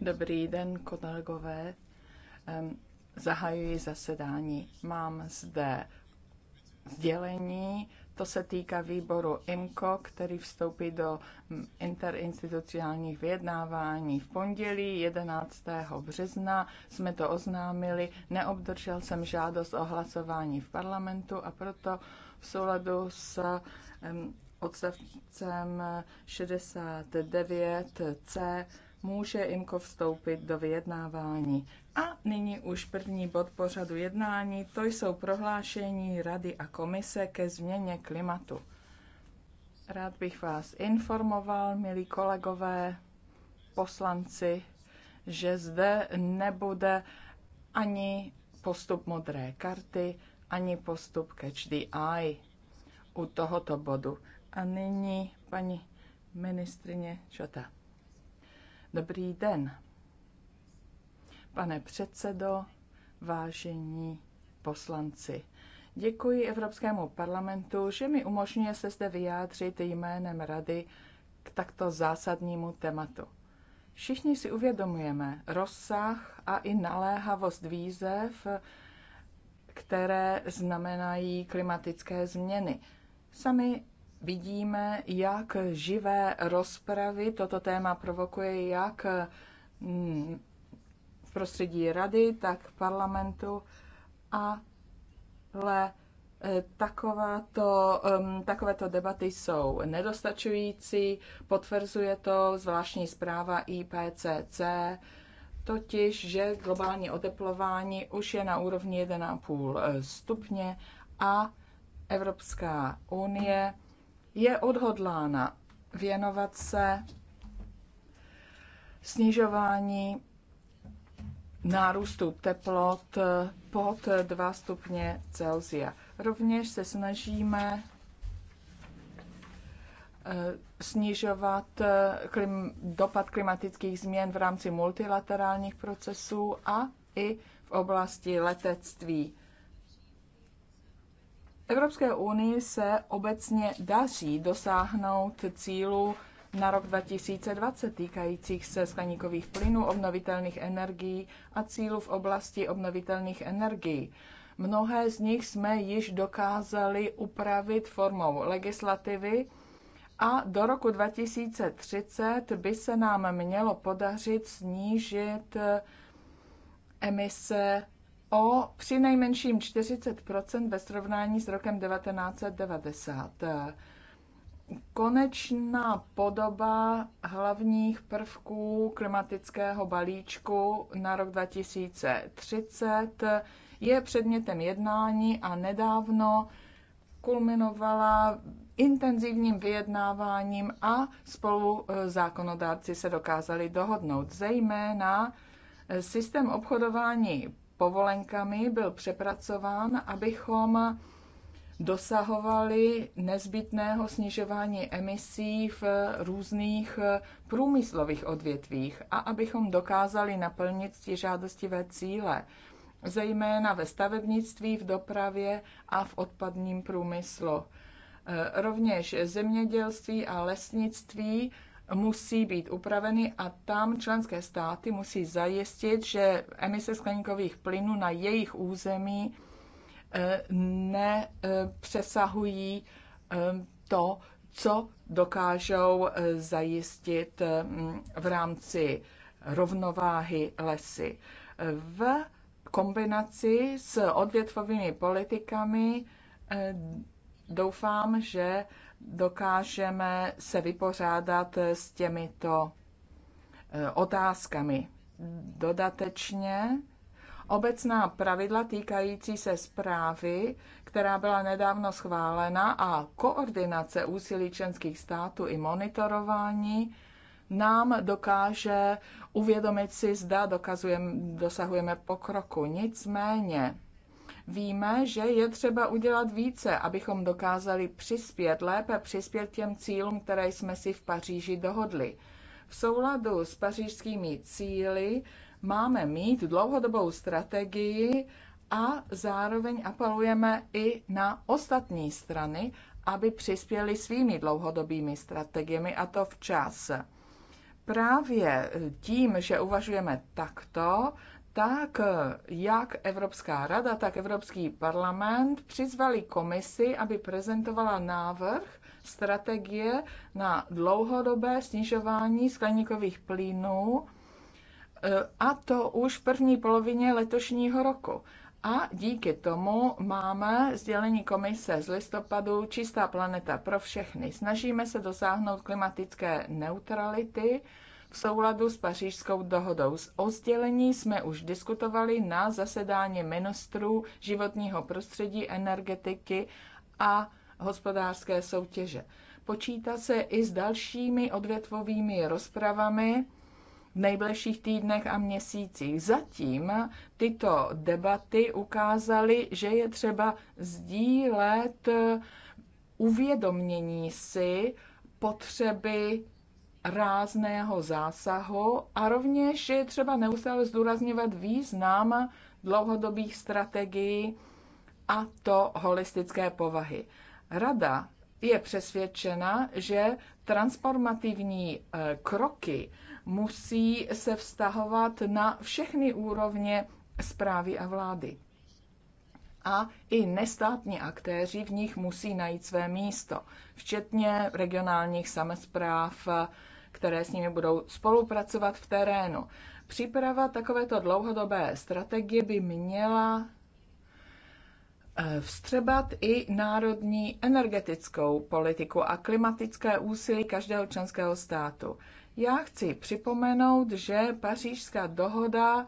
Dobrý den, kolegové. Zahajuji zasedání. Mám zde sdělení, to se týká výboru IMCO, který vstoupí do mm, interinstitucionálních vyjednávání v pondělí 11. března. Jsme to oznámili, neobdržel jsem žádost o hlasování v parlamentu a proto v souladu s odstavcem 69c může IMCO vstoupit do vyjednávání. A nyní už první bod pořadu jednání, to jsou prohlášení Rady a Komise ke změně klimatu. Rád bych vás informoval, milí kolegové, poslanci, že zde nebude ani postup modré karty, ani postup catch the eye u tohoto bodu. A nyní paní ministrině Čota. Dobrý den, pane předsedo, vážení poslanci. Děkuji Evropskému parlamentu, že mi umožňuje se zde vyjádřit jménem Rady k takto zásadnímu tématu. Všichni si uvědomujeme rozsah a i naléhavost výzev, které znamenají klimatické změny. Sami vidíme, jak živé rozpravy toto téma provokuje, jak mm, v prostředí rady, tak parlamentu, ale e, Takováto, um, takovéto debaty jsou nedostačující, potvrzuje to zvláštní zpráva IPCC, totiž, že globální oteplování už je na úrovni 1,5 e, stupně a Evropská unie je odhodlána věnovat se snižování nárůstu teplot pod 2 stupně Celsia. Rovněž se snažíme eh, snižovat eh, klim, dopad klimatických změn v rámci multilaterálních procesů a i v oblasti letectví. Evropské unii se obecně daří dosáhnout cílu na rok 2020 týkajících se skleníkových plynů, obnovitelných energií a cílů v oblasti obnovitelných energií. Mnohé z nich jsme již dokázali upravit formou legislativy a do roku 2030 by se nám mělo podařit snížit emise o přinejmenším 40 ve srovnání s rokem 1990. Konečná podoba hlavních prvků klimatického balíčku na rok 2030 je předmětem jednání a nedávno kulminovala intenzivním vyjednáváním a spolu e, zákonodárci se dokázali dohodnout, zejména systém obchodování povolenkami byl přepracován, abychom dosahovali nezbytného snižování emisí v různých průmyslových odvětvích a abychom dokázali naplnit ty žádostivé cíle, zejména ve stavebnictví, v dopravě a v odpadním průmyslu. E, rovněž zemědělství a lesnictví musí být upraveny a tam členské státy musí zajistit, že emise skleníkových plynů na jejich území eh, nepřesahují eh, to, co dokážou eh, zajistit mm, v rámci rovnováhy lesy. V kombinaci s odvětvovými politikami doufám, že dokážeme se vypořádat s těmito eh, otázkami. Dodatečně obecná pravidla týkající se zprávy, která byla nedávno schválena, a koordinace úsilí členských států i monitorování nám dokáže uvědomit si, zda dokazujeme, dosahujeme pokroku. Nicméně Víme, že je třeba udělat více, abychom dokázali přispět, lépe přispět těm cílům, které jsme si v Paříži dohodli. V souladu s pařížskými cíly máme mít dlouhodobou strategii a zároveň apelujeme i na ostatní strany, aby přispěli svými dlouhodobými strategiemi a to včas. Právě tím, že uvažujeme takto, tak jak Evropská rada, tak Evropský parlament přizvali komisi, aby prezentovala návrh strategie na dlouhodobé snižování skleníkových plynů, eh, a to už v první polovině letošního roku. A díky tomu máme sdělení komise z listopadu Čistá planeta pro všechny. Snažíme se dosáhnout klimatické neutrality v souladu s pařížskou dohodou. Z ozdělení jsme už diskutovali na zasedání ministrů životního prostředí, energetiky a hospodářské soutěže. Počítá se i s dalšími odvětvovými rozpravami v nejbližších týdnech a měsících. Zatím tyto debaty ukázaly, že je třeba sdílet uvědomění si potřeby rázného zásahu a rovněž je třeba neustále zdůrazňovat význam dlouhodobých strategií a to holistické povahy. Rada je přesvědčena, že transformativní e, kroky musí se vztahovat na všechny úrovně zprávy a vlády a i nestátní aktéři v nich musí najít své místo, včetně regionálních samozpráv, které s nimi budou spolupracovat v terénu. Příprava takovéto dlouhodobé strategie by měla eh, vstřebat i národní energetickou politiku a klimatické úsilí každého členského státu. Já chci připomenout, že pařížská dohoda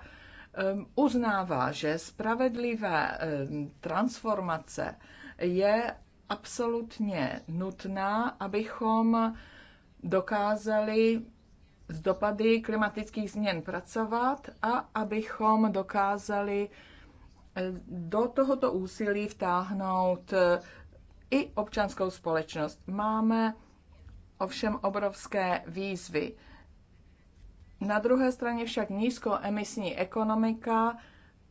uznává, že spravedlivé transformace je absolutně nutná, abychom dokázali s dopady klimatických změn pracovat a abychom dokázali do tohoto úsilí vtáhnout i občanskou společnost. Máme ovšem obrovské výzvy. Na druhé straně však nízkoemisní ekonomika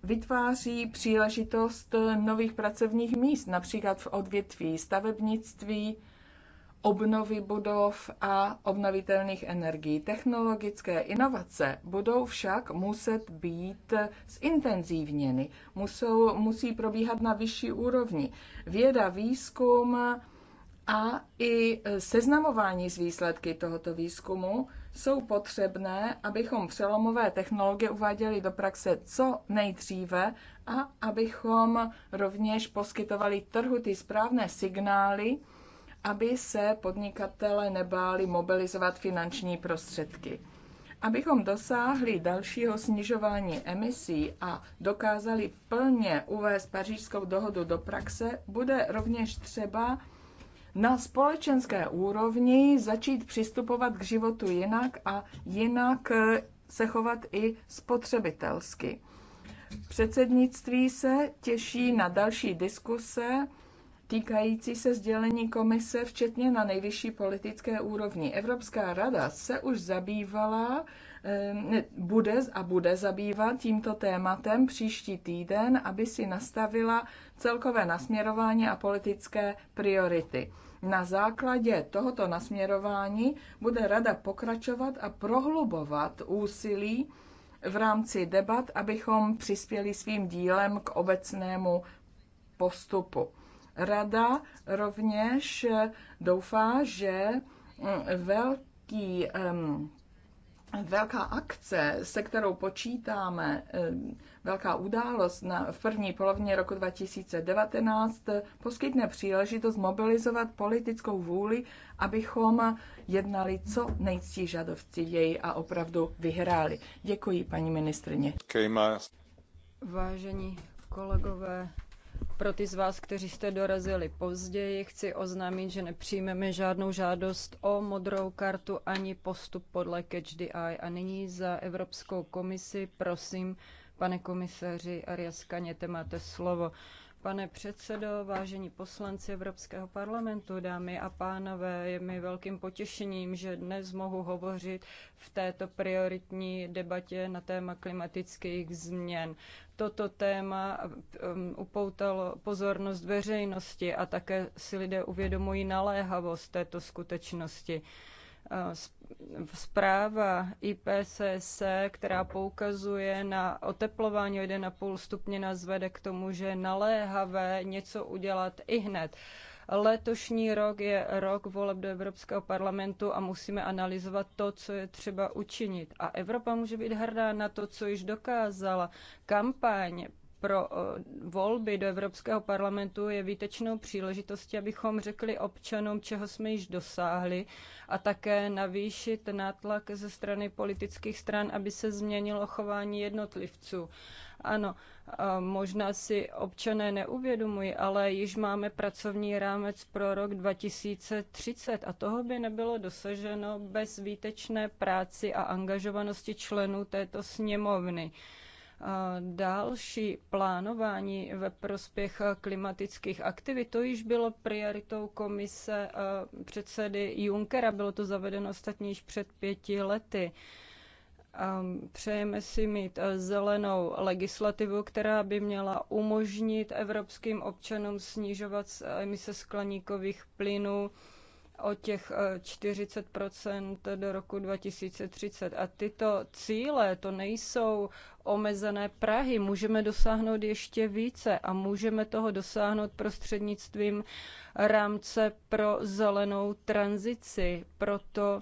vytváří příležitost nových pracovních míst, například v odvětví stavebnictví, obnovy budov a obnovitelných energií. Technologické inovace budou však muset být zintenzívněny, Musou, musí probíhat na vyšší úrovni. Věda, výzkum a i seznamování s výsledky tohoto výzkumu jsou potřebné, abychom přelomové technologie uváděli do praxe co nejdříve a abychom rovněž poskytovali trhu ty správné signály, aby se podnikatele nebáli mobilizovat finanční prostředky. Abychom dosáhli dalšího snižování emisí a dokázali plně uvést pařížskou dohodu do praxe, bude rovněž třeba na společenské úrovni začít přistupovat k životu jinak a jinak eh, se chovat i spotřebitelsky. Předsednictví se těší na další diskuse týkající se sdělení komise, včetně na nejvyšší politické úrovni. Evropská rada se už zabývala Eh, bude a bude zabývat tímto tématem příští týden, aby si nastavila celkové nasměrování a politické priority. Na základě tohoto nasměrování bude Rada pokračovat a prohlubovat úsilí v rámci debat, abychom přispěli svým dílem k obecnému postupu. Rada rovněž doufá, že velký velká akce, se kterou počítáme, eh, velká událost na, v první polovině roku 2019, poskytne příležitost mobilizovat politickou vůli, abychom jednali co nejctí žadovci jej a opravdu vyhráli. Děkuji, paní ministrně. Vážení kolegové, pro ty z vás, kteří jste dorazili později, chci oznámit, že nepřijmeme žádnou žádost o modrou kartu ani postup podle Catch the Eye. A nyní za Evropskou komisi prosím, pane komisaři Arias Kaněte, máte slovo. Pane předsedo, vážení poslanci Evropského parlamentu, dámy a pánové, je mi velkým potěšením, že dnes mohu hovořit v této prioritní debatě na téma klimatických změn. Toto téma um, upoutalo pozornost veřejnosti a také si lidé uvědomují naléhavost této skutečnosti. Eh, zpráva IPCC, která poukazuje na oteplování o 1,5 stupně, nás vede k tomu, že je naléhavé něco udělat i hned. Letošní rok je rok voleb do Evropského parlamentu a musíme analyzovat to, co je třeba učinit. A Evropa může být hrdá na to, co již dokázala. Kampaň pro eh, volby do Evropského parlamentu je výtečnou příležitostí, abychom řekli občanům, čeho jsme již dosáhli a také navýšit nátlak ze strany politických stran, aby se změnilo chování jednotlivců. Ano, možná si občané neuvědomují, ale již máme pracovní rámec pro rok 2030 a toho by nebylo dosaženo bez výtečné práci a angažovanosti členů této sněmovny další plánování ve prospěch klimatických aktivit. To již bylo prioritou komise předsedy Junckera, bylo to zavedeno ostatně již před pěti lety. Přejeme si mít e, zelenou legislativu, která by měla umožnit evropským občanům snižovat e, emise skleníkových plynů o těch 40 e, do roku 2030. A tyto cíle to nejsou omezené Prahy. Můžeme dosáhnout ještě více a můžeme toho dosáhnout prostřednictvím rámce pro zelenou tranzici. Proto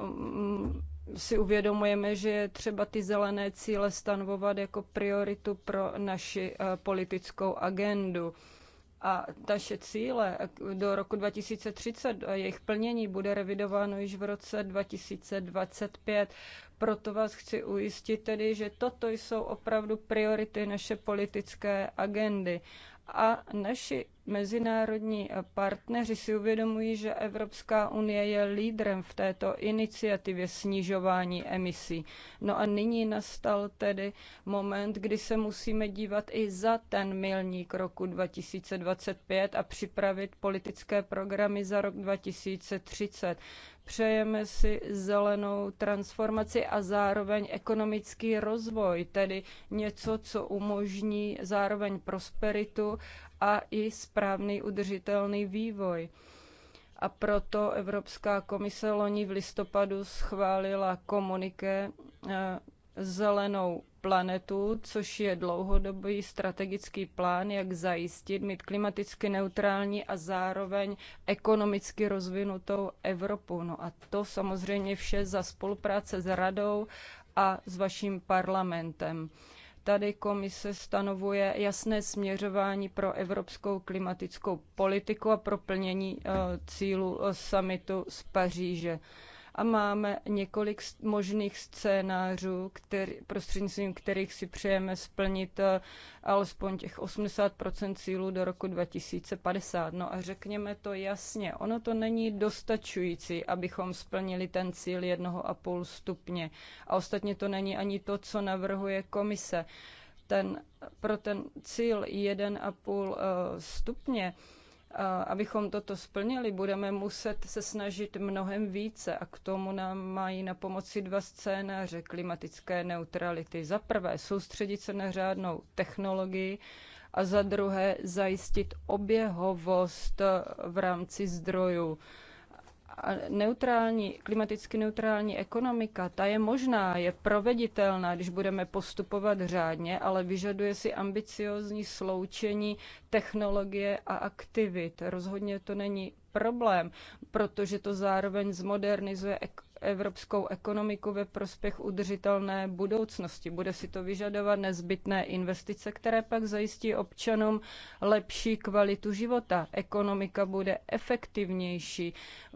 mm, si uvědomujeme, že je třeba ty zelené cíle stanovovat jako prioritu pro naši e, politickou agendu a taše cíle do roku 2030 a jejich plnění bude revidováno již v roce 2025. Proto vás chci ujistit tedy, že toto jsou opravdu priority naše politické agendy a naši mezinárodní partneři si uvědomují, že Evropská unie je lídrem v této iniciativě snižování emisí. No a nyní nastal tedy moment, kdy se musíme dívat i za ten milník roku 2025 a připravit politické programy za rok 2030 přejeme si zelenou transformaci a zároveň ekonomický rozvoj, tedy něco, co umožní zároveň prosperitu a i správný udržitelný vývoj. A proto Evropská komise loni v listopadu schválila komuniké eh, zelenou planetu, což je dlouhodobý strategický plán, jak zajistit mít klimaticky neutrální a zároveň ekonomicky rozvinutou Evropu. No a to samozřejmě vše za spolupráce s radou a s vaším parlamentem. Tady komise stanovuje jasné směřování pro evropskou klimatickou politiku a pro plnění eh, cílu eh, summitu z Paříže a máme několik možných scénářů, který, prostřednictvím kterých si přejeme splnit eh, alespoň těch 80 cílů do roku 2050. No a řekněme to jasně, ono to není dostačující, abychom splnili ten cíl 1,5 stupně. A ostatně to není ani to, co navrhuje komise. Ten, pro ten cíl 1,5 eh, stupně abychom toto splnili, budeme muset se snažit mnohem více a k tomu nám mají na pomoci dva scénáře klimatické neutrality. Za prvé soustředit se na řádnou technologii a za druhé zajistit oběhovost v rámci zdrojů neutrální, klimaticky neutrální ekonomika, ta je možná, je proveditelná, když budeme postupovat řádně, ale vyžaduje si ambiciozní sloučení technologie a aktivit. Rozhodně to není problém, protože to zároveň zmodernizuje ek- evropskou ekonomiku ve prospěch udržitelné budoucnosti. Bude si to vyžadovat nezbytné investice, které pak zajistí občanům lepší kvalitu života. Ekonomika bude efektivnější,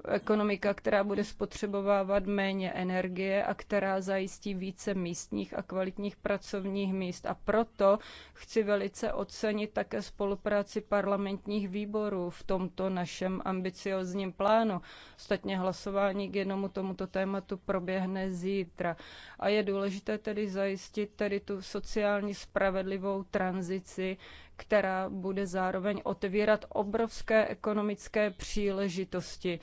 ekonomika, která bude spotřebovávat méně energie a která zajistí více místních a kvalitních pracovních míst. A proto chci velice ocenit také spolupráci parlamentních výborů v tomto našem ambiciozním plánu. Ostatně hlasování k jednomu tomuto tématu proběhne zítra. A je důležité tedy zajistit tedy tu sociální spravedlivou tranzici, která bude zároveň otevírat obrovské ekonomické příležitosti.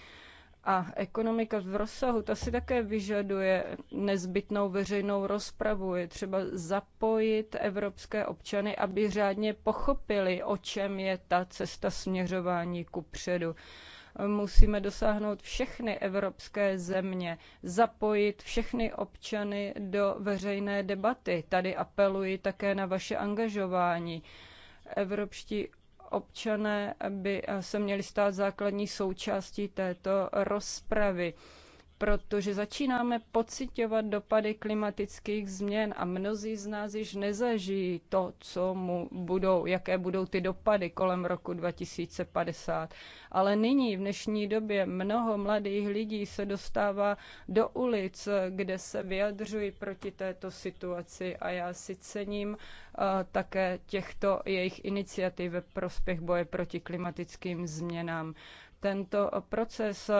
A ekonomika v rozsahu, ta si také vyžaduje nezbytnou veřejnou rozpravu. Je třeba zapojit evropské občany, aby řádně pochopili, o čem je ta cesta směřování ku předu musíme dosáhnout všechny evropské země, zapojit všechny občany do veřejné debaty. Tady apeluji také na vaše angažování. Evropští občané by se měli stát základní součástí této rozpravy protože začínáme pocitovat dopady klimatických změn a mnozí z nás již nezažijí to, co mu budou, jaké budou ty dopady kolem roku 2050. Ale nyní, v dnešní době, mnoho mladých lidí se dostává do ulic, kde se vyjadřují proti této situaci a já si cením uh, také těchto jejich iniciativ ve prospěch boje proti klimatickým změnám. Tento proces eh,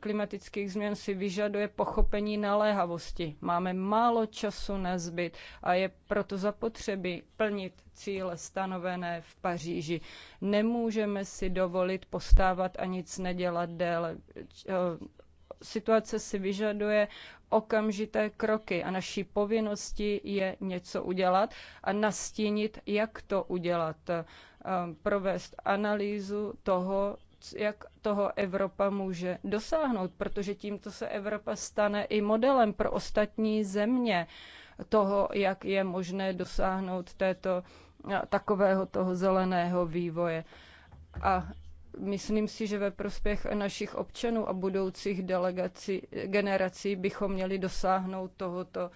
klimatických změn si vyžaduje pochopení naléhavosti. Máme málo času na zbyt a je proto zapotřebí plnit cíle stanovené v Paříži. Nemůžeme si dovolit postávat a nic nedělat déle. Eh, situace si vyžaduje okamžité kroky a naší povinností je něco udělat a nastínit, jak to udělat eh, provést analýzu toho, jak toho Evropa může dosáhnout, protože tímto se Evropa stane i modelem pro ostatní země toho, jak je možné dosáhnout této, takového toho zeleného vývoje. A myslím si, že ve prospěch našich občanů a budoucích delegací, generací bychom měli dosáhnout tohoto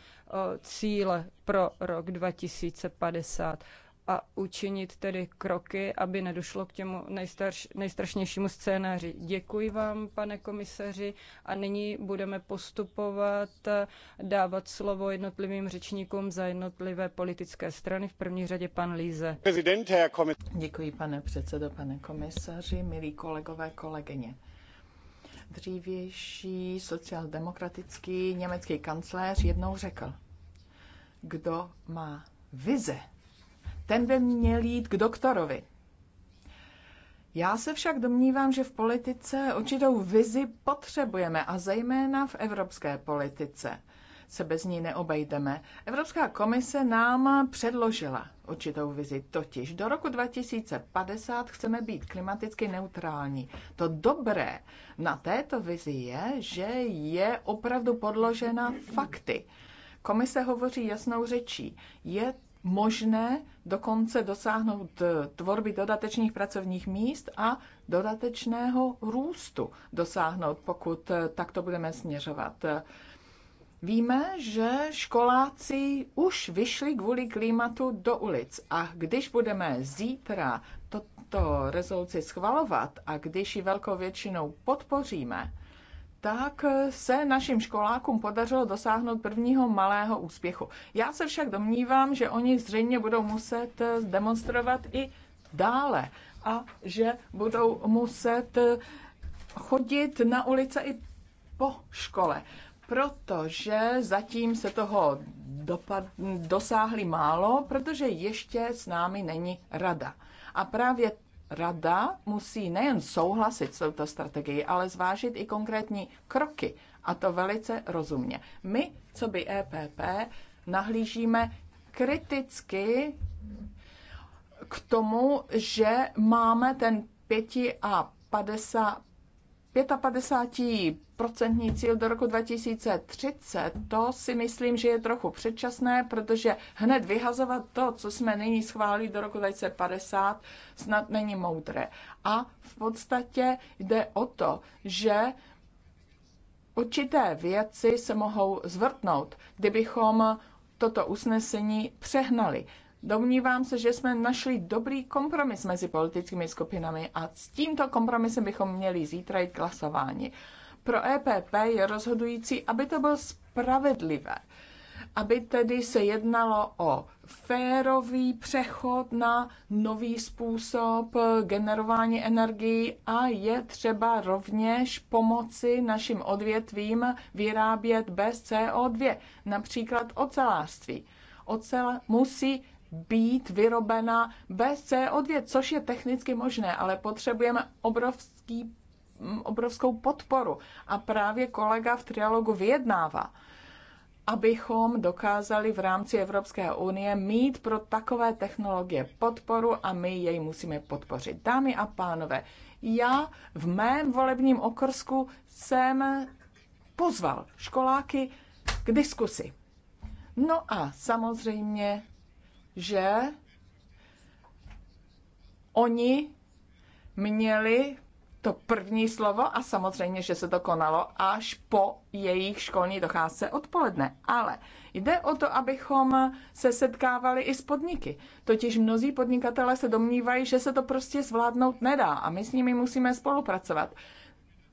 cíle pro rok 2050 a učinit tedy kroky, aby nedošlo k těmu nejstarš, nejstrašnějšímu scénáři. Děkuji vám, pane komisaři, a nyní budeme postupovat, dávat slovo jednotlivým řečníkům za jednotlivé politické strany, v první řadě pan Líze. Děkuji, pane předsedo, pane komisaři, milí kolegové, kolegyně dřívější demokratický německý kancléř jednou řekl, kdo má vize, ten by měl jít k doktorovi. Já se však domnívám, že v politice určitou vizi potřebujeme a zejména v evropské politice se bez ní neobejdeme. Evropská komise nám předložila určitou vizi, totiž do roku 2050 chceme být klimaticky neutrální. To dobré na této vizi je, že je opravdu podložena fakty. Komise hovoří jasnou řečí. Je možné dokonce dosáhnout eh, tvorby dodatečných pracovních míst a dodatečného růstu dosáhnout, pokud eh, takto budeme směřovat. Víme, že školáci už vyšli kvůli klimatu do ulic a když budeme zítra toto rezoluci schvalovat a když ji velkou většinou podpoříme, tak se našim školákům podařilo dosáhnout prvního malého úspěchu. Já se však domnívám, že oni zřejmě budou muset demonstrovat i dále a že budou muset chodit na ulice i po škole, protože zatím se toho dopad, dosáhli málo, protože ještě s námi není rada. A právě Rada musí nejen souhlasit s touto strategií, ale zvážit i konkrétní kroky, a to velice rozumně. My, co by EPP, nahlížíme kriticky k tomu, že máme ten 5 a 50 55% cíl do roku 2030, to si myslím, že je trochu předčasné, protože hned vyhazovat to, co jsme nyní schválili do roku 2050, snad není moudré. A v podstatě jde o to, že určité věci se mohou zvrtnout, kdybychom toto usnesení přehnali. Domnívám se, že jsme našli dobrý kompromis mezi politickými skupinami a s tímto kompromisem bychom měli zítra jít k hlasování. Pro EPP je rozhodující, aby to bylo spravedlivé, aby tedy se jednalo o férový přechod na nový způsob generování energií a je třeba rovněž pomoci našim odvětvím vyrábět bez CO2, například ocelářství ocel musí být vyrobena bez CO2, což je technicky možné, ale potřebujeme obrovský, obrovskou podporu. A právě kolega v trialogu vyjednává, abychom dokázali v rámci Evropské unie mít pro takové technologie podporu a my jej musíme podpořit. Dámy a pánové, já v mém volebním okrsku jsem pozval školáky k diskusi. No a samozřejmě že oni měli to první slovo a samozřejmě, že se to konalo až po jejich školní docházce odpoledne. Ale jde o to, abychom se setkávali i s podniky. Totiž mnozí podnikatelé se domnívají, že se to prostě zvládnout nedá a my s nimi musíme spolupracovat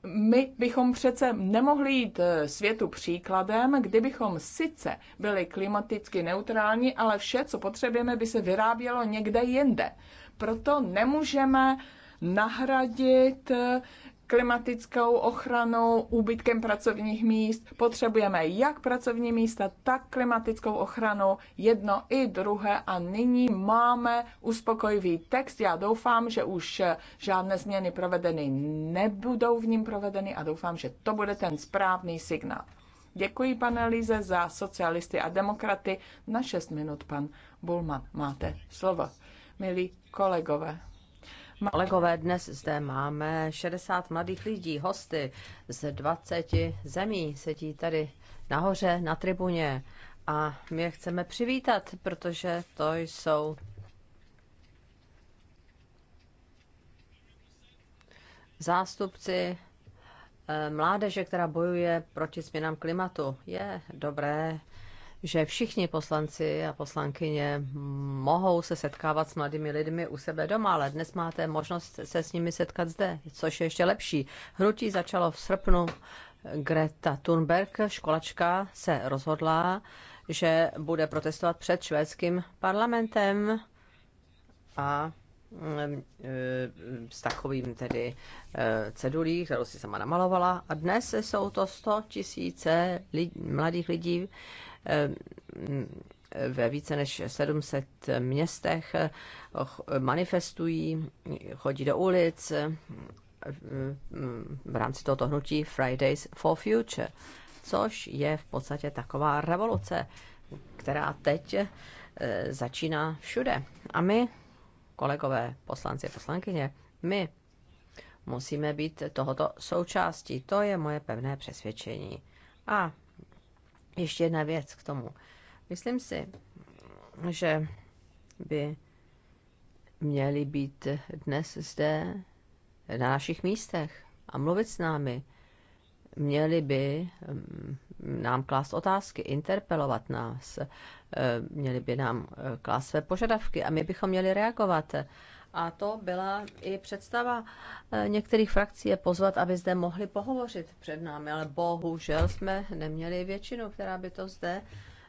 my bychom přece nemohli jít eh, světu příkladem, kdybychom sice byli klimaticky neutrální, ale vše, co potřebujeme, by se vyrábělo někde jinde. Proto nemůžeme nahradit eh, klimatickou ochranou, úbytkem pracovních míst. Potřebujeme jak pracovní místa, tak klimatickou ochranu, jedno i druhé. A nyní máme uspokojivý text. Já doufám, že už žádné změny provedeny nebudou v ním provedeny a doufám, že to bude ten správný signál. Děkuji, pane Lize, za socialisty a demokraty. Na 6 minut, pan Bulman, máte slovo. Milí kolegové. Kolegové, dnes zde máme 60 mladých lidí, hosty z 20 zemí. Sedí tady nahoře na tribuně a my je chceme přivítat, protože to jsou zástupci eh, mládeže, která bojuje proti změnám klimatu. Je dobré že všichni poslanci a poslankyně mohou se setkávat s mladými lidmi u sebe doma, ale dnes máte možnost se s nimi setkat zde, což je ještě lepší. Hnutí začalo v srpnu. Greta Thunberg, školačka, se rozhodla, že bude protestovat před švédským parlamentem a mm, e, s takovým tedy e, cedulí, kterou si sama namalovala. A dnes jsou to 100 tisíce mladých lidí, ve více než 700 městech manifestují, chodí do ulic v rámci tohoto hnutí Fridays for Future, což je v podstatě taková revoluce, která teď eh, začíná všude. A my, kolegové, poslanci a poslankyně, my musíme být tohoto součástí. To je moje pevné přesvědčení. A ještě jedna věc k tomu. Myslím si, že by měli být dnes zde na našich místech a mluvit s námi. Měli by mm, nám klást otázky, interpelovat nás, eh, měli by nám eh, klást své požadavky a my bychom měli reagovat. A to byla i představa eh, některých frakcí je pozvat, aby zde mohli pohovořit před námi, ale bohužel jsme neměli většinu, která by to zde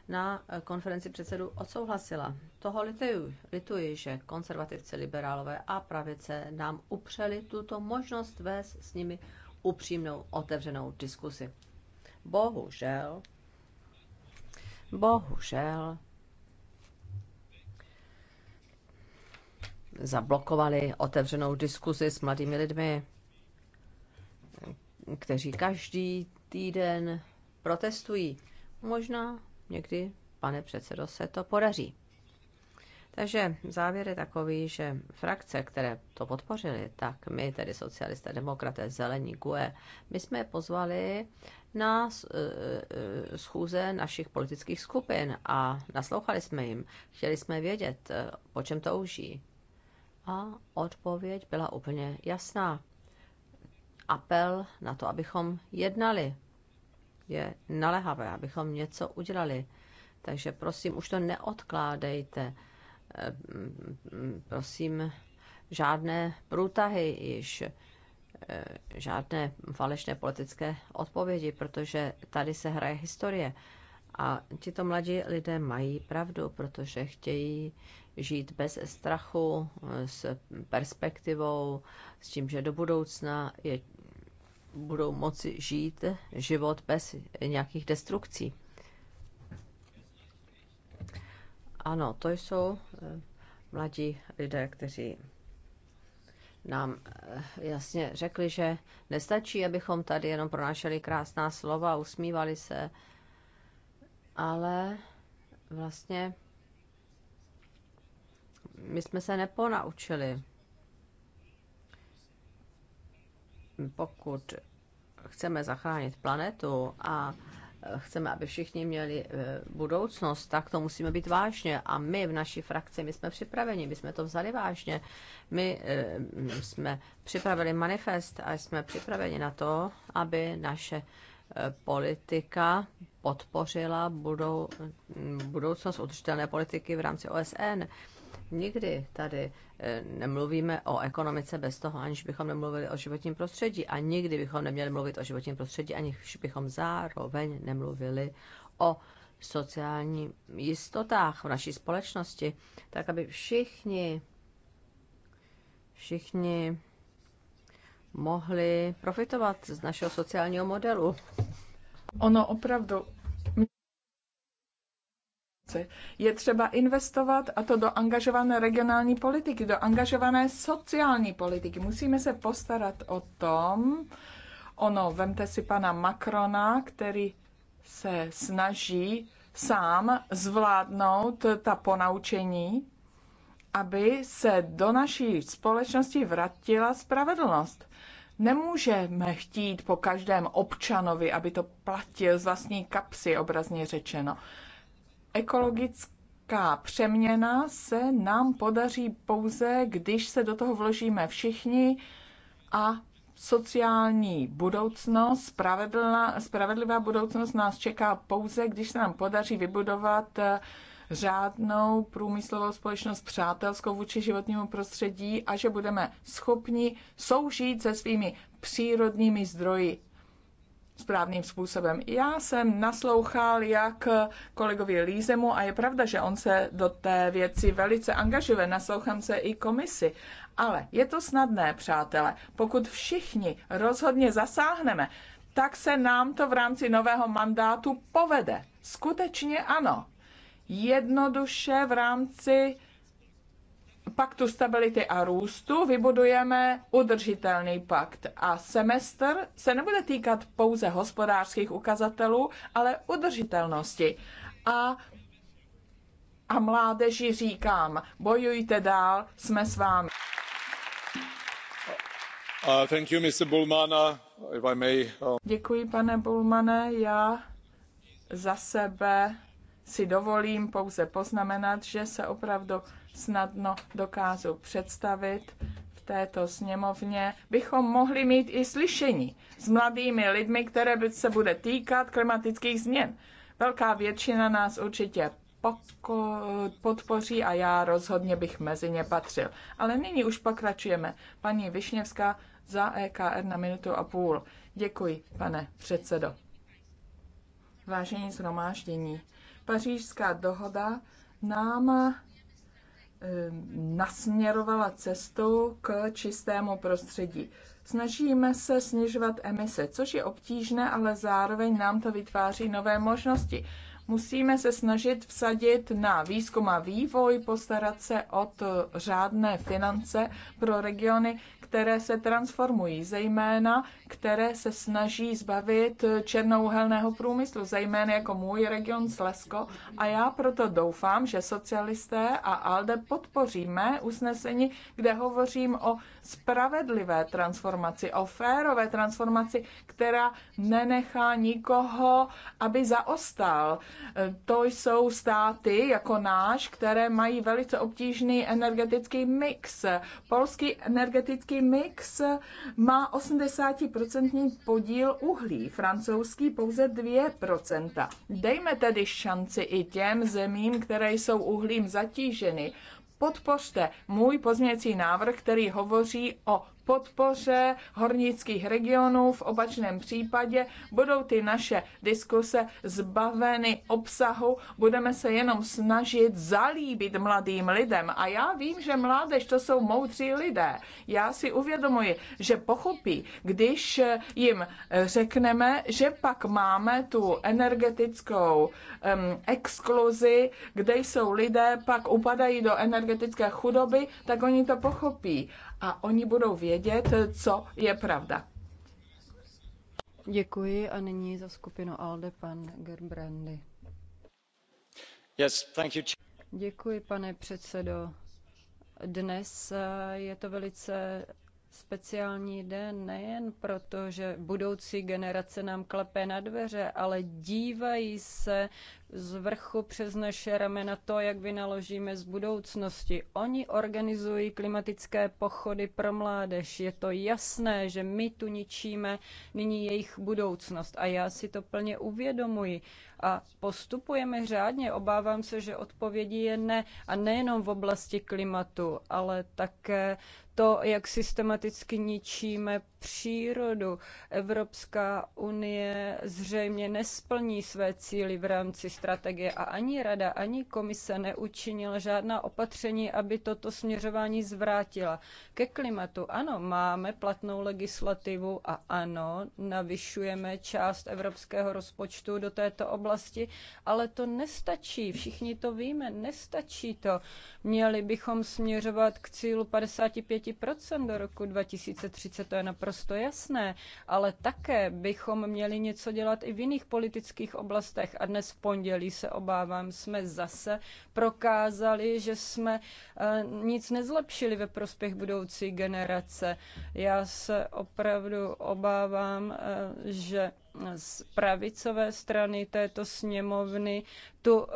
na eh, konferenci předsedů odsouhlasila. Toho lituji, lituji, že konzervativci, liberálové a pravice nám upřeli tuto možnost vést s nimi upřímnou, otevřenou diskusi. Bohužel, bohužel, zablokovali otevřenou diskuzi s mladými lidmi, kteří každý týden protestují. Možná někdy, pane předsedo, se to podaří. Takže závěr je takový, že frakce, které to podpořily, tak my, tedy socialisté, demokraté, zelení, GUE, my jsme je pozvali na eh, eh, schůze našich politických skupin a naslouchali jsme jim. Chtěli jsme vědět, po eh, čem touží, a odpověď byla úplně jasná. Apel na to, abychom jednali, je naléhavé, abychom něco udělali. Takže prosím, už to neodkládejte. Prosím, žádné průtahy již, eh, žádné falešné politické odpovědi, protože tady se hraje historie. A tito mladí lidé mají pravdu, protože chtějí žít bez strachu, s perspektivou, s tím, že do budoucna je, budou moci žít život bez nějakých destrukcí. Ano, to jsou eh, mladí lidé, kteří nám eh, jasně řekli, že nestačí, abychom tady jenom pronášeli krásná slova, usmívali se, ale vlastně my jsme se neponaučili. Pokud chceme zachránit planetu a chceme, aby všichni měli eh, budoucnost, tak to musíme být vážně. A my v naší frakci, my jsme připraveni, my jsme to vzali vážně. My eh, jsme připravili manifest a jsme připraveni na to, aby naše eh, politika podpořila budou, budoucnost udržitelné politiky v rámci OSN nikdy tady eh, nemluvíme o ekonomice bez toho, aniž bychom nemluvili o životním prostředí. A nikdy bychom neměli mluvit o životním prostředí, aniž bychom zároveň nemluvili o sociální jistotách v naší společnosti, tak aby všichni, všichni mohli profitovat z našeho sociálního modelu. Ono opravdu je třeba investovat a to do angažované regionální politiky, do angažované sociální politiky. Musíme se postarat o tom, ono, vemte si pana Macrona, který se snaží sám zvládnout ta ponaučení, aby se do naší společnosti vrátila spravedlnost. Nemůžeme chtít po každém občanovi, aby to platil z vlastní kapsy, obrazně řečeno ekologická přeměna se nám podaří pouze, když se do toho vložíme všichni a sociální budoucnost, spravedlná, spravedlivá budoucnost nás čeká pouze, když se nám podaří vybudovat eh, řádnou průmyslovou společnost přátelskou vůči životnímu prostředí a že budeme schopni soužít se svými přírodními zdroji správným způsobem. Já jsem naslouchal jak kolegovi Lízemu a je pravda, že on se do té věci velice angažuje, naslouchám se i komisi. Ale je to snadné, přátelé. Pokud všichni rozhodně zasáhneme, tak se nám to v rámci nového mandátu povede. Skutečně ano. Jednoduše v rámci paktu stability a růstu vybudujeme udržitelný pakt a semestr se nebude týkat pouze hospodářských ukazatelů, ale udržitelnosti. A a mládeži říkám, bojujte dál, jsme s vámi. Uh, thank you, Mr. Bulmana, uh, if I may, uh, Děkuji, pane Bulmane. Já za sebe si dovolím pouze poznamenat, že se opravdu snadno dokážu představit, v této sněmovně bychom mohli mít i slyšení s mladými lidmi, které by se bude týkat klimatických změn. Velká většina nás určitě podpoří a já rozhodně bych mezi ně patřil. Ale nyní už pokračujeme. Paní Višněvská za EKR na minutu a půl. Děkuji, pane předsedo. Vážení zhromáždění, pařížská dohoda nám Eh, nasměrovala cestu k čistému prostředí. Snažíme se snižovat emise, což je obtížné, ale zároveň nám to vytváří nové možnosti. Musíme se snažit vsadit na výzkum a vývoj, postarat se o to řádné finance pro regiony, které se transformují, zejména které se snaží zbavit černouhelného průmyslu, zejména jako můj region Slesko. A já proto doufám, že socialisté a ALDE podpoříme usnesení, kde hovořím o spravedlivé transformaci, o férové transformaci, která nenechá nikoho, aby zaostal to jsou státy jako náš, které mají velice obtížný energetický mix. Polský energetický mix má 80% podíl uhlí, francouzský pouze 2%. Dejme tedy šanci i těm zemím, které jsou uhlím zatíženy podpořte můj pozměňovací návrh, který hovoří o podpoře hornických regionů. V obačném případě budou ty naše diskuse zbaveny obsahu, budeme se jenom snažit zalíbit mladým lidem. A já vím, že mládež to jsou moudří lidé. Já si uvědomuji, že pochopí, když jim řekneme, že pak máme tu energetickou um, exkluzi, kde jsou lidé, pak upadají do energetické chudoby, tak oni to pochopí a oni budou vědět, co je pravda. Děkuji a nyní za skupinu ALDE pan Gerbrandy. Yes, thank you. Děkuji, pane předsedo. Dnes eh, je to velice speciální den nejen proto, že budoucí generace nám klepe na dveře, ale dívají se z vrchu přes naše ramena to, jak vynaložíme z budoucnosti. Oni organizují klimatické pochody pro mládež. Je to jasné, že my tu ničíme nyní jejich budoucnost a já si to plně uvědomuji. A postupujeme řádně. Obávám se, že odpovědi je ne. A nejenom v oblasti klimatu, ale také to, jak systematicky ničíme přírodu. Evropská unie zřejmě nesplní své cíly v rámci strategie a ani rada, ani komise neučinila žádná opatření, aby toto směřování zvrátila. Ke klimatu, ano, máme platnou legislativu a ano, navyšujeme část evropského rozpočtu do této oblasti, ale to nestačí, všichni to víme, nestačí to. Měli bychom směřovat k cílu 55% do roku 2030, to je naprosto jasné, ale také bychom měli něco dělat i v jiných politických oblastech a dnes v pondělí pondělí, se obávám, jsme zase prokázali, že jsme eh, nic nezlepšili ve prospěch budoucí generace. Já se opravdu obávám, eh, že z pravicové strany této sněmovny tu, eh,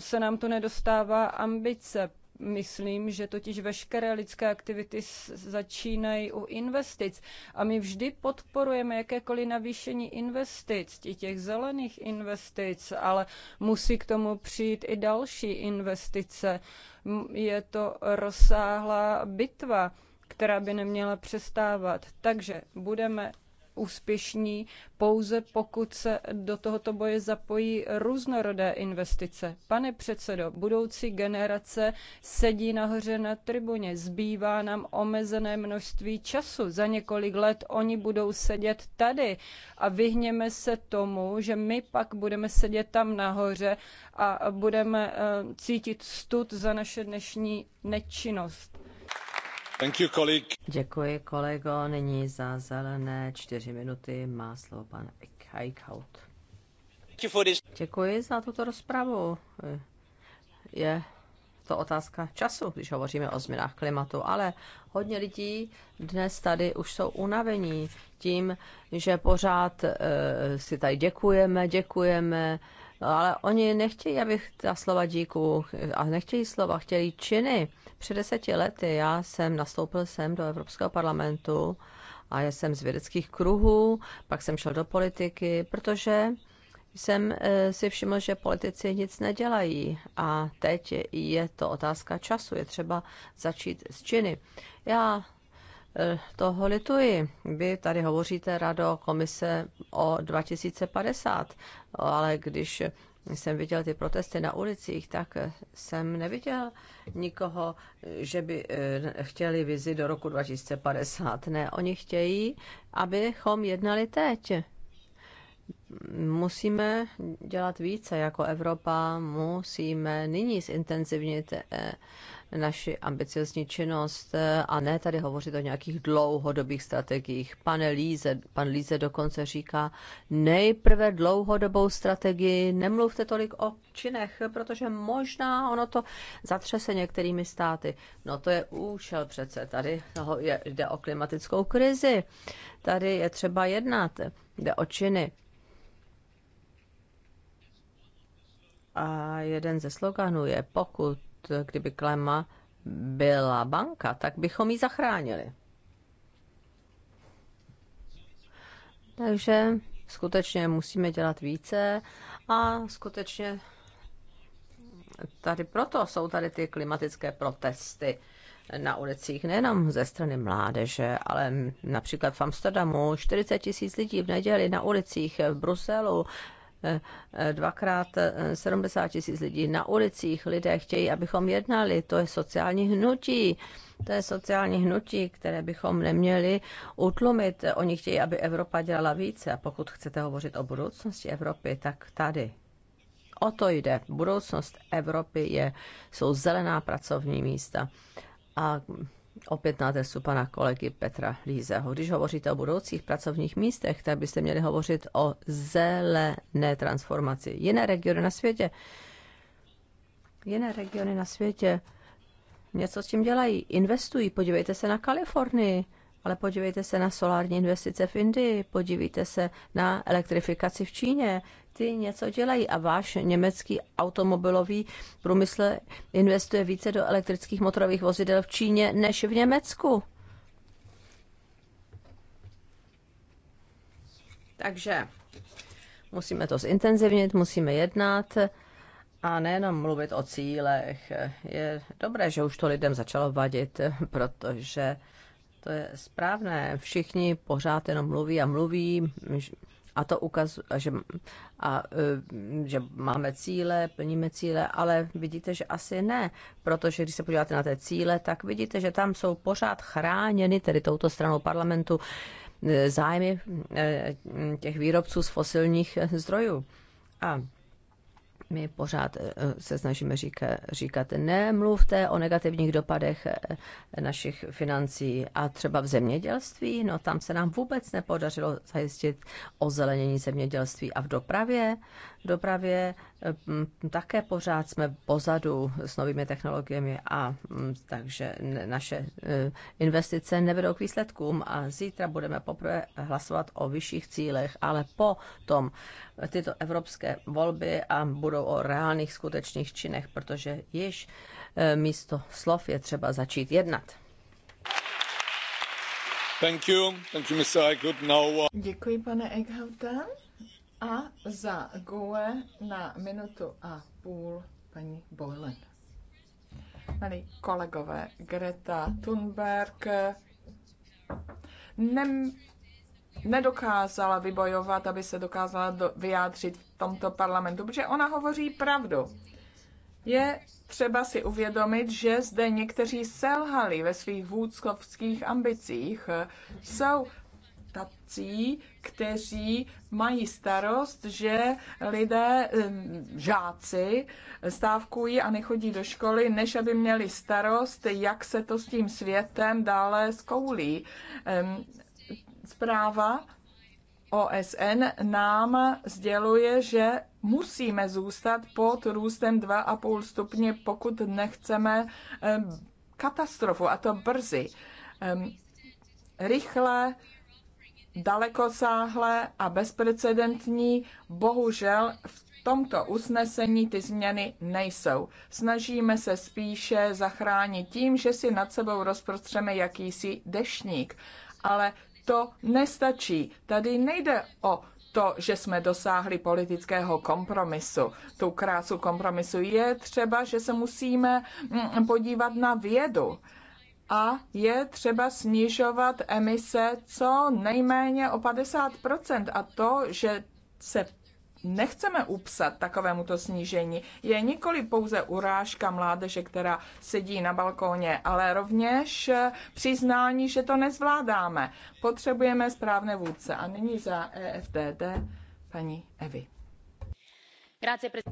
se nám tu nedostává ambice. Myslím, že totiž veškeré lidské aktivity začínají u investic a my vždy podporujeme jakékoliv navýšení investic, těch zelených investic, ale musí k tomu přijít i další investice. Je to rozsáhlá bitva která by neměla přestávat. Takže budeme úspěšní pouze pokud se do tohoto boje zapojí různorodé investice. Pane předsedo, budoucí generace sedí nahoře na tribuně, zbývá nám omezené množství času. Za několik let oni budou sedět tady a vyhněme se tomu, že my pak budeme sedět tam nahoře a budeme eh, cítit stud za naše dnešní nečinnost. Děkuji, kolego. Nyní za zelené čtyři minuty má slovo pan Eichhout. Děkuji za tuto rozpravu. Je to otázka času, když hovoříme o změnách klimatu, ale hodně lidí dnes tady už jsou unavení tím, že pořád e, si tady děkujeme, děkujeme, No, ale oni nechtějí, abych ta slova díku a nechtějí slova, chtějí činy. Před deseti lety já jsem nastoupil sem do Evropského parlamentu a já jsem z vědeckých kruhů, pak jsem šel do politiky, protože jsem eh, si všiml, že politici nic nedělají a teď je to otázka času, je třeba začít s činy. Já Eh, toho lituji. Vy tady hovoříte, Rado, komise o 2050, ale když jsem viděl ty protesty na ulicích, tak jsem neviděl nikoho, že by eh, chtěli vizi do roku 2050. Ne, oni chtějí, abychom jednali teď. Musíme dělat více jako Evropa, musíme nyní zintenzivnit eh, naši ambiciozní činnost eh, a ne tady hovořit o nějakých dlouhodobých strategiích. Pane Líze, pan Líze dokonce říká, nejprve dlouhodobou strategii, nemluvte tolik o činech, protože možná ono to zatřese některými státy. No to je účel přece, tady je, jde o klimatickou krizi, tady je třeba jednat, jde o činy. A jeden ze sloganů je, pokud kdyby Klema byla banka, tak bychom ji zachránili. Takže skutečně musíme dělat více a skutečně tady proto jsou tady ty klimatické protesty na ulicích nejenom ze strany mládeže, ale například v Amsterdamu 40 tisíc lidí v neděli na ulicích v Bruselu Eh, dvakrát 70 eh, tisíc lidí na ulicích. Lidé chtějí, abychom jednali. To je sociální hnutí. To je sociální hnutí, které bychom neměli utlumit. Oni chtějí, aby Evropa dělala více. A pokud chcete hovořit o budoucnosti Evropy, tak tady. O to jde. Budoucnost Evropy je, jsou zelená pracovní místa. A opět na adresu pana kolegy Petra Lízeho. Když hovoříte o budoucích pracovních místech, tak byste měli hovořit o zelené transformaci. Jiné regiony na světě, jiné regiony na světě něco s tím dělají, investují. Podívejte se na Kalifornii. Ale podívejte se na solární investice v Indii, podívejte se na elektrifikaci v Číně. Ty něco dělají a váš německý automobilový průmysl investuje více do elektrických motorových vozidel v Číně než v Německu. Takže musíme to zintenzivnit, musíme jednat a nejenom mluvit o cílech. Je dobré, že už to lidem začalo vadit, protože to je správné. Všichni pořád jenom mluví a mluví a to ukazuje, že, a, e, že máme cíle, plníme cíle, ale vidíte, že asi ne, protože když se podíváte na ty cíle, tak vidíte, že tam jsou pořád chráněny, tedy touto stranou parlamentu, e, zájmy e, těch výrobců z fosilních zdrojů. A my pořád eh, eh, se snažíme říkat, říkat nemluvte o negativních dopadech eh, našich financí a třeba v zemědělství, no tam se nám vůbec nepodařilo zajistit ozelenění zemědělství a v dopravě, v dopravě Ehm, také pořád jsme pozadu s novými technologiemi a mm, takže naše eh, investice nevedou k výsledkům a zítra budeme poprvé hlasovat o vyšších cílech, ale po tom tyto evropské volby a budou o reálných skutečných činech, protože již eh, místo slov je třeba začít jednat. Thank you. Thank you, Mr. Now... Uh, Děkuji, pane Eckhouten. A za GUE na minutu a půl paní Boylen. Milí kolegové, Greta Thunberg nem, nedokázala vybojovat, aby se dokázala do, vyjádřit v tomto parlamentu, protože ona hovoří pravdu. Je třeba si uvědomit, že zde někteří selhali ve svých vůdcovských ambicích. Jsou tací, kteří mají starost, že lidé, žáci stávkují a nechodí do školy, než aby měli starost, jak se to s tím světem dále skoulí. Zpráva OSN nám sděluje, že musíme zůstat pod růstem 2,5 stupně, pokud nechceme katastrofu, a to brzy. Rychle dalekosáhlé a bezprecedentní. Bohužel v tomto usnesení ty změny nejsou. Snažíme se spíše zachránit tím, že si nad sebou rozprostřeme jakýsi dešník. Ale to nestačí. Tady nejde o to, že jsme dosáhli politického kompromisu. Tu krásu kompromisu je třeba, že se musíme mm, podívat na vědu a je třeba snižovat emise co nejméně o 50%. A to, že se nechceme upsat takovémuto snížení, je nikoli pouze urážka mládeže, která sedí na balkóně, ale rovněž přiznání, že to nezvládáme. Potřebujeme správné vůdce. A nyní za EFDD paní Evi.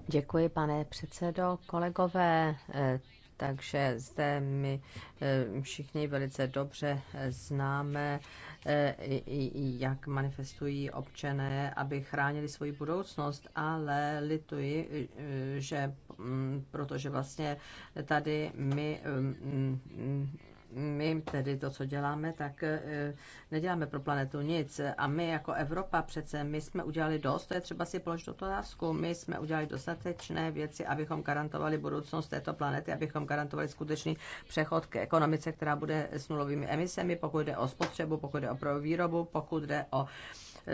Děkuji, pane předsedo. Kolegové, eh, takže zde my eh, všichni velice dobře eh, známe, eh, jak manifestují občané, aby chránili svoji budoucnost, ale lituji, že mm, protože vlastně tady my mm, my tedy to, co děláme, tak e, neděláme pro planetu nic. A my jako Evropa přece, my jsme udělali dost, to je třeba si položit otázku, my jsme udělali dostatečné věci, abychom garantovali budoucnost této planety, abychom garantovali skutečný přechod k ekonomice, která bude s nulovými emisemi, pokud jde o spotřebu, pokud jde o výrobu, pokud jde o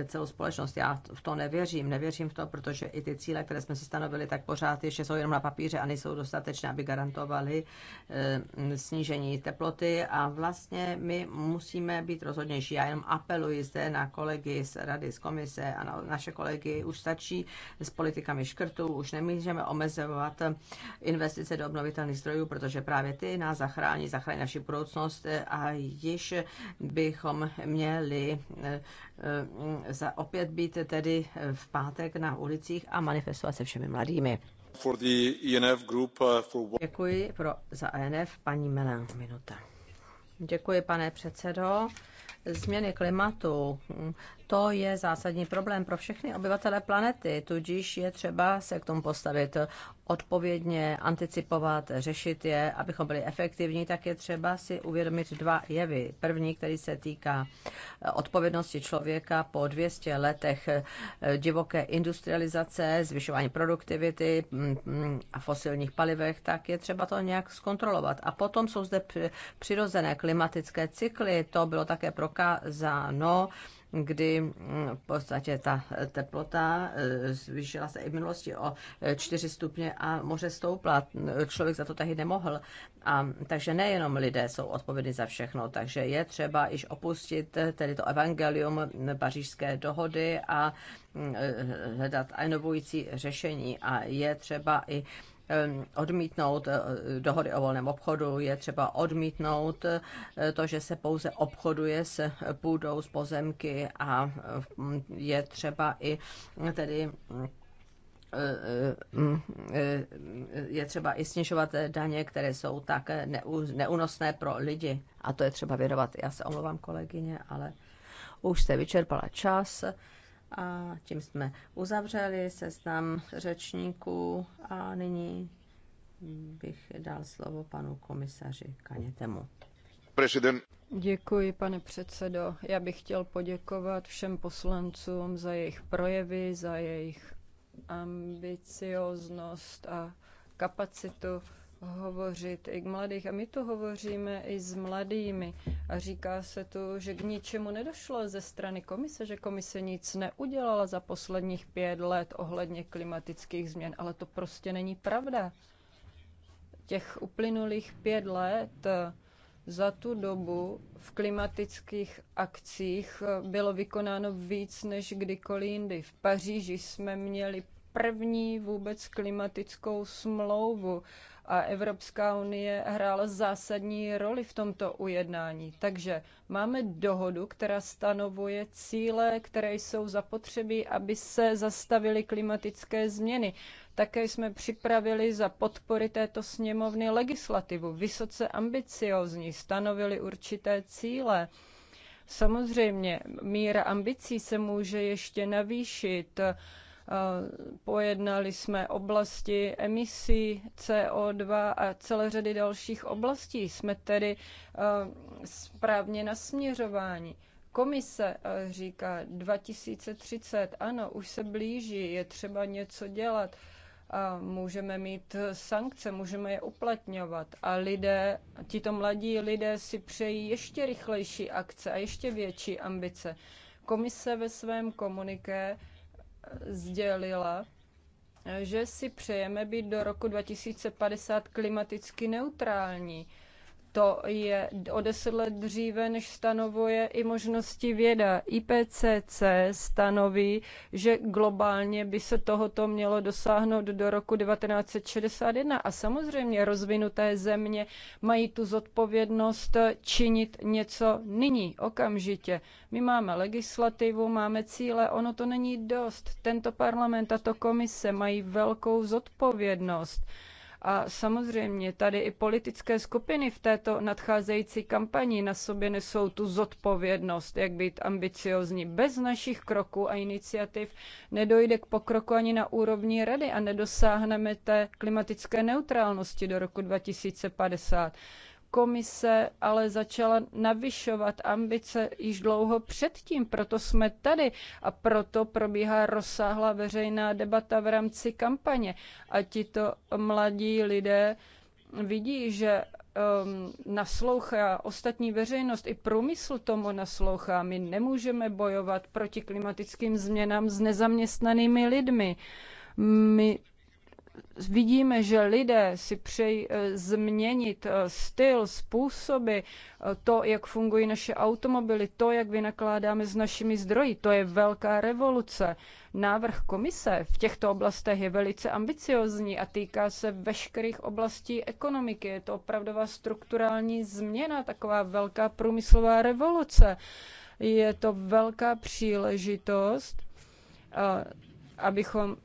celou společnost. Já v to nevěřím, nevěřím v to, protože i ty cíle, které jsme si stanovili, tak pořád ještě jsou jenom na papíře a nejsou dostatečné, aby garantovaly eh, snížení teploty a vlastně my musíme být rozhodnější. Já jenom apeluji zde na kolegy z rady, z komise a na naše kolegy. Už stačí s politikami škrtů, už nemůžeme omezovat investice do obnovitelných zdrojů, protože právě ty nás zachrání, zachrání naši budoucnost a již bychom měli eh, eh, za opět být tedy v pátek na ulicích a manifestovat se všemi mladými. For the ENF group, uh, for... Děkuji pro, za ENF, paní Mena, minuta. Děkuji, pane předsedo. Změny klimatu to je zásadní problém pro všechny obyvatele planety, tudíž je třeba se k tomu postavit odpovědně, anticipovat, řešit je, abychom byli efektivní, tak je třeba si uvědomit dva jevy. První, který se týká eh, odpovědnosti člověka po 200 letech eh, divoké industrializace, zvyšování produktivity mm, mm, a fosilních palivech, tak je třeba to nějak zkontrolovat. A potom jsou zde přirozené klimatické cykly, to bylo také prokázáno kdy mm, v podstatě ta teplota eh, zvýšila se i v minulosti o 4 eh, stupně a moře stoupla. Člověk za to taky nemohl. A, takže nejenom lidé jsou odpovědní za všechno, takže je třeba již opustit eh, tedy to evangelium pařížské dohody a mm, hledat inovující řešení. A je třeba i Eh, odmítnout eh, dohody o volném obchodu, je třeba odmítnout eh, to, že se pouze obchoduje s půdou, s pozemky a je třeba i tedy je třeba i snižovat daně, které jsou tak neúnosné pro lidi. A to je třeba věnovat. Já se omlouvám, kolegyně, ale už jste vyčerpala čas. A tím jsme uzavřeli seznam řečníků a nyní bych dal slovo panu komisaři Kanětemu. President. Děkuji, pane předsedo. Já bych chtěl poděkovat všem poslancům za jejich projevy, za jejich ambicioznost a kapacitu hovořit i k mladých. A my tu hovoříme i s mladými. A říká se tu, že k ničemu nedošlo ze strany komise, že komise nic neudělala za posledních pět let ohledně klimatických změn. Ale to prostě není pravda. Těch uplynulých pět let za tu dobu v klimatických akcích bylo vykonáno víc než kdykoliv jindy. V Paříži jsme měli první vůbec klimatickou smlouvu a Evropská unie hrála zásadní roli v tomto ujednání. Takže máme dohodu, která stanovuje cíle, které jsou zapotřebí, aby se zastavily klimatické změny. Také jsme připravili za podpory této sněmovny legislativu, vysoce ambiciozní, stanovili určité cíle. Samozřejmě míra ambicí se může ještě navýšit. Pojednali jsme oblasti emisí CO2 a celé řady dalších oblastí. Jsme tedy eh, správně nasměřováni. Komise eh, říká 2030, ano, už se blíží, je třeba něco dělat. A můžeme mít sankce, můžeme je uplatňovat. A lidé, tito mladí lidé si přejí ještě rychlejší akce a ještě větší ambice. Komise ve svém komuniké sdělila, že si přejeme být do roku 2050 klimaticky neutrální. To je o deset let dříve, než stanovuje i možnosti věda. IPCC stanoví, že globálně by se tohoto mělo dosáhnout do roku 1961 a samozřejmě rozvinuté země mají tu zodpovědnost činit něco nyní, okamžitě. My máme legislativu, máme cíle, ono to není dost. Tento parlament, tato komise mají velkou zodpovědnost. A samozřejmě tady i politické skupiny v této nadcházející kampani na sobě nesou tu zodpovědnost, jak být ambiciozní. Bez našich kroků a iniciativ nedojde k pokroku ani na úrovni rady a nedosáhneme té klimatické neutrálnosti do roku 2050 komise ale začala navyšovat ambice již dlouho předtím, proto jsme tady a proto probíhá rozsáhlá veřejná debata v rámci kampaně. A tito mladí lidé vidí, že um, naslouchá ostatní veřejnost, i průmysl tomu naslouchá. My nemůžeme bojovat proti klimatickým změnám s nezaměstnanými lidmi. My vidíme, že lidé si přejí eh, změnit eh, styl, způsoby, eh, to, jak fungují naše automobily, to, jak vynakládáme s našimi zdroji. To je velká revoluce. Návrh komise v těchto oblastech je velice ambiciozní a týká se veškerých oblastí ekonomiky. Je to opravdová strukturální změna, taková velká průmyslová revoluce. Je to velká příležitost, abychom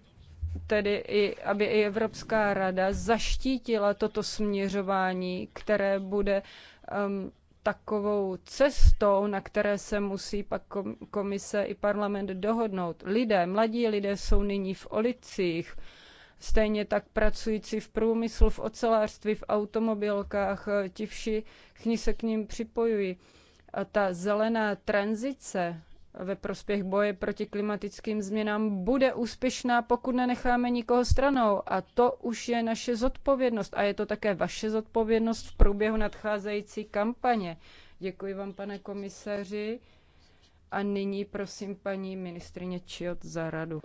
tedy i, aby i Evropská rada zaštítila toto směřování, které bude um, takovou cestou, na které se musí pak komise i parlament dohodnout. Lidé, mladí lidé jsou nyní v ulicích, stejně tak pracující v průmyslu, v ocelářství, v automobilkách, ti všichni se k ním připojují. A ta zelená tranzice, ve prospěch boje proti klimatickým změnám bude úspěšná, pokud nenecháme nikoho stranou. A to už je naše zodpovědnost. A je to také vaše zodpovědnost v průběhu nadcházející kampaně. Děkuji vám, pane komisaři. A nyní prosím paní ministrině Čiot za radu.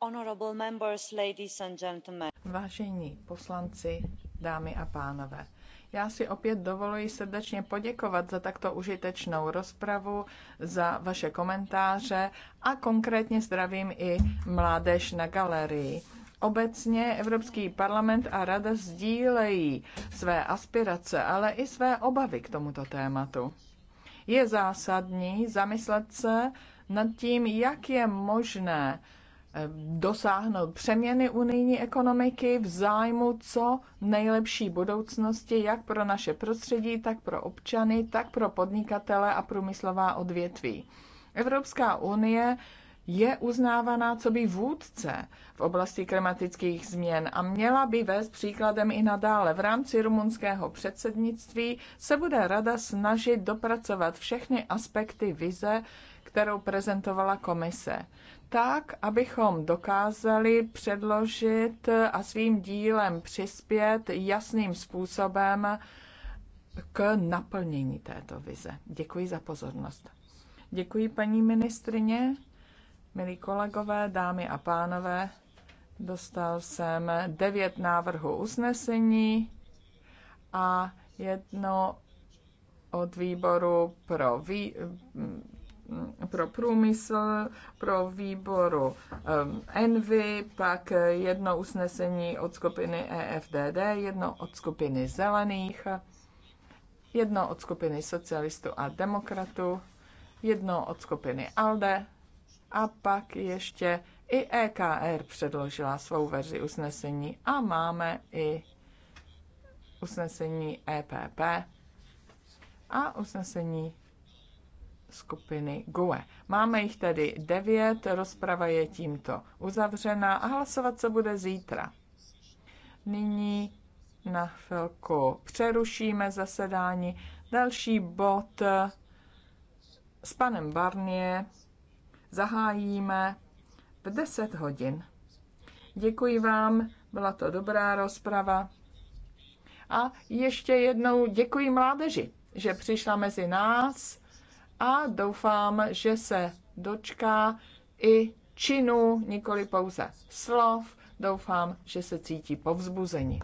Honorable members, ladies and gentlemen. Vážení poslanci, dámy a pánové, já si opět dovoluji srdečně poděkovat za takto užitečnou rozpravu, za vaše komentáře a konkrétně zdravím i mládež na galerii. Obecně Evropský parlament a Rada sdílejí své aspirace, ale i své obavy k tomuto tématu. Je zásadní zamyslet se nad tím, jak je možné dosáhnout přeměny unijní ekonomiky v zájmu co nejlepší budoucnosti, jak pro naše prostředí, tak pro občany, tak pro podnikatele a průmyslová odvětví. Evropská unie je uznávaná co by vůdce v oblasti klimatických změn a měla by vést příkladem i nadále. V rámci rumunského předsednictví se bude rada snažit dopracovat všechny aspekty vize, kterou prezentovala komise tak, abychom dokázali předložit a svým dílem přispět jasným způsobem k naplnění této vize. Děkuji za pozornost. Děkuji paní ministrině, milí kolegové, dámy a pánové. Dostal jsem devět návrhů usnesení a jedno od výboru pro vý, pro průmysl, pro výboru um, Envy, pak jedno usnesení od skupiny EFDD, jedno od skupiny Zelených, jedno od skupiny socialistů a demokratů, jedno od skupiny ALDE a pak ještě i EKR předložila svou verzi usnesení a máme i usnesení EPP a usnesení skupiny GUE. Máme jich tedy devět, rozprava je tímto uzavřena a hlasovat se bude zítra. Nyní na chvilku přerušíme zasedání. Další bod s panem Barnie. zahájíme v 10 hodin. Děkuji vám, byla to dobrá rozprava. A ještě jednou děkuji mládeži, že přišla mezi nás a doufám, že se dočká i činu, nikoli pouze slov. Doufám, že se cítí povzbuzení.